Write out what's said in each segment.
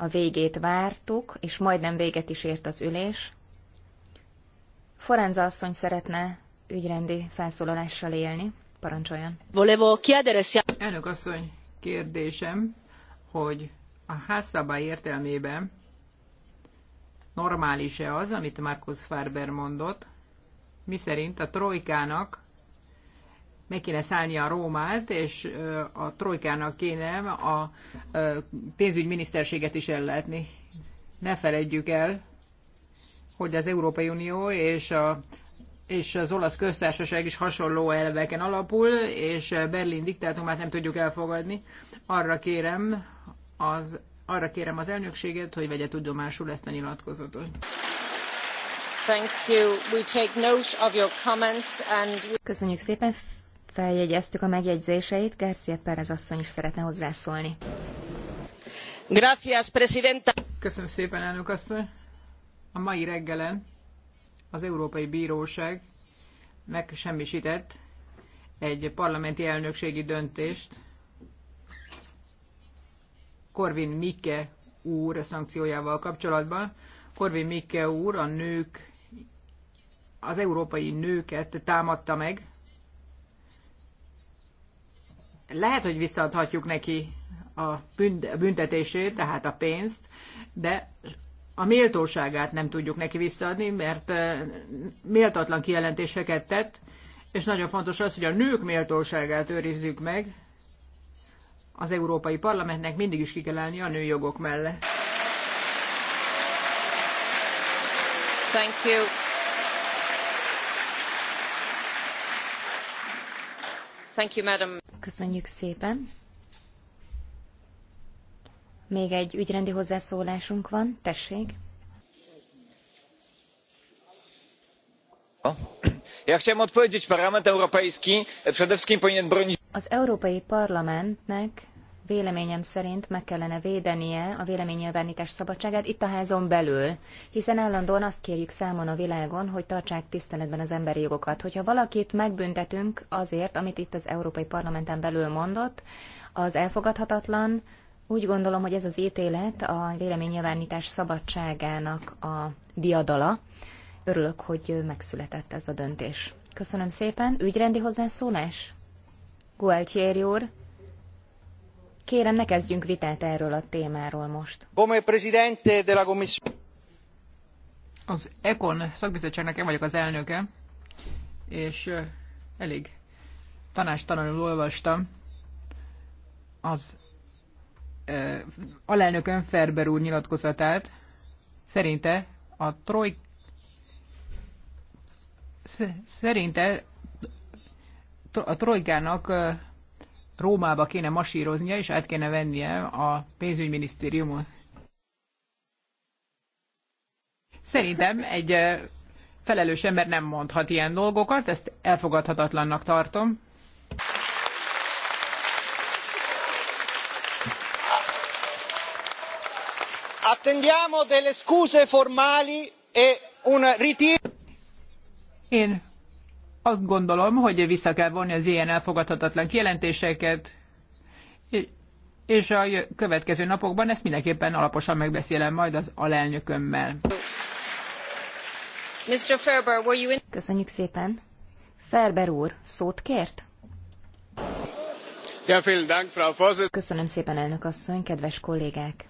a végét vártuk, és majdnem véget is ért az ülés. Forenza asszony szeretne ügyrendi felszólalással élni. Parancsoljon. Volevo chiedere se... Elnök asszony, kérdésem, hogy a házszabály értelmében normális-e az, amit Markus Farber mondott, miszerint a trojkának meg kéne szállni a Rómát, és a trojkának kéne a pénzügyminiszterséget is ellátni. Ne feledjük el, hogy az Európai Unió és a és az olasz köztársaság is hasonló elveken alapul, és Berlin diktátumát nem tudjuk elfogadni. Arra kérem az, arra kérem az elnökséget, hogy vegye tudomásul ezt a nyilatkozatot. Thank you. We take note of your comments and... Köszönjük szépen, feljegyeztük a megjegyzéseit. García Pérez asszony is szeretne hozzászólni. Gracias, presidenta. Köszönöm szépen, elnök asszony. A mai reggelen az Európai Bíróság megsemmisített egy parlamenti elnökségi döntést Korvin Mikke úr szankciójával kapcsolatban. Korvin Mikke úr a nők, az európai nőket támadta meg, lehet, hogy visszaadhatjuk neki a büntetését, tehát a pénzt, de a méltóságát nem tudjuk neki visszaadni, mert méltatlan kijelentéseket tett, és nagyon fontos az, hogy a nők méltóságát őrizzük meg. Az Európai Parlamentnek mindig is ki kell állni a nőjogok mellett. Thank you. Thank you, madam. Köszönjük szépen. Még egy ügyrendi hozzászólásunk van. Tessék. Ja chciałem odpowiedzieć, Parlament Europejski przede wszystkim powinien bronić... Az Európai Parlamentnek véleményem szerint meg kellene védenie a véleménynyilvánítás szabadságát itt a házon belül, hiszen állandóan azt kérjük számon a világon, hogy tartsák tiszteletben az emberi jogokat. Hogyha valakit megbüntetünk azért, amit itt az Európai Parlamenten belül mondott, az elfogadhatatlan, úgy gondolom, hogy ez az ítélet a véleménynyilvánítás szabadságának a diadala. Örülök, hogy megszületett ez a döntés. Köszönöm szépen. Ügyrendi hozzászólás? Gualtieri úr, Kérem, ne kezdjünk vitát erről a témáról most. Az ECON szakbizottságnak én vagyok az elnöke, és elég tanástalanul olvastam az ö, alelnökön Ferber úr nyilatkozatát. Szerinte a troj... Szerinte a trojkának Rómába kéne masíroznia, és át kéne vennie a pénzügyminisztériumot. Szerintem egy felelős ember nem mondhat ilyen dolgokat, ezt elfogadhatatlannak tartom. Attendiamo delle scuse formali e un ritiro. Én azt gondolom, hogy vissza kell vonni az ilyen elfogadhatatlan kijelentéseket, és a következő napokban ezt mindenképpen alaposan megbeszélem majd az alelnökömmel. Mr. Ferber, were you in... Köszönjük szépen. Ferber úr, szót kért? Ja, vielen Dank, Frau Köszönöm szépen, elnök asszony, kedves kollégák.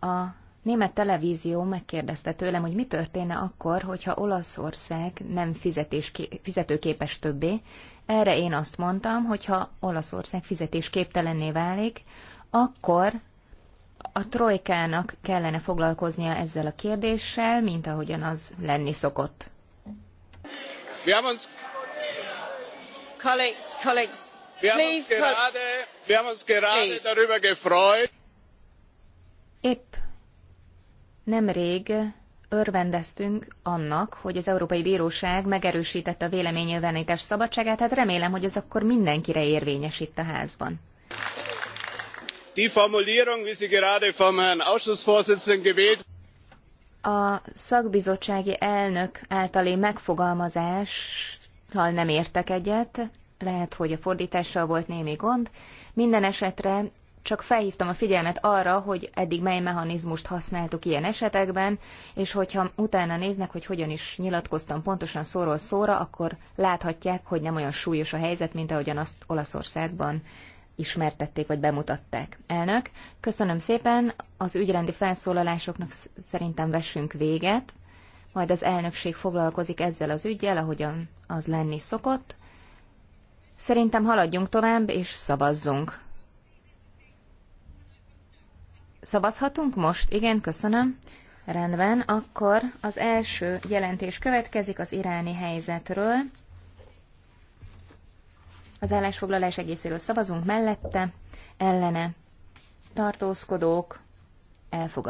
A német televízió megkérdezte tőlem, hogy mi történne akkor, hogyha Olaszország nem fizetés, fizetőképes többé. Erre én azt mondtam, hogyha Olaszország fizetésképtelenné válik, akkor a trojkának kellene foglalkoznia ezzel a kérdéssel, mint ahogyan az lenni szokott. Wir haben uns colleagues, colleagues. Wir haben uns gerade, wir haben uns gerade darüber gefreut. Épp Nemrég örvendeztünk annak, hogy az Európai Bíróság megerősítette a véleménynyilvánítás szabadságát, tehát remélem, hogy ez akkor mindenkire érvényes itt a házban. Die Formulierung, wie sie gerade vom Herrn Ausschussvorsitzenden gewählt a szakbizottsági elnök általi megfogalmazással nem értek egyet, lehet, hogy a fordítással volt némi gond. Minden esetre csak felhívtam a figyelmet arra, hogy eddig mely mechanizmust használtuk ilyen esetekben, és hogyha utána néznek, hogy hogyan is nyilatkoztam pontosan szóról szóra, akkor láthatják, hogy nem olyan súlyos a helyzet, mint ahogyan azt Olaszországban ismertették vagy bemutatták. Elnök, köszönöm szépen, az ügyrendi felszólalásoknak szerintem vessünk véget, majd az elnökség foglalkozik ezzel az ügyjel, ahogyan az lenni szokott. Szerintem haladjunk tovább, és szavazzunk. Szavazhatunk most? Igen, köszönöm. Rendben, akkor az első jelentés következik az iráni helyzetről. Az állásfoglalás egészéről szavazunk mellette, ellene, tartózkodók, elfogadják.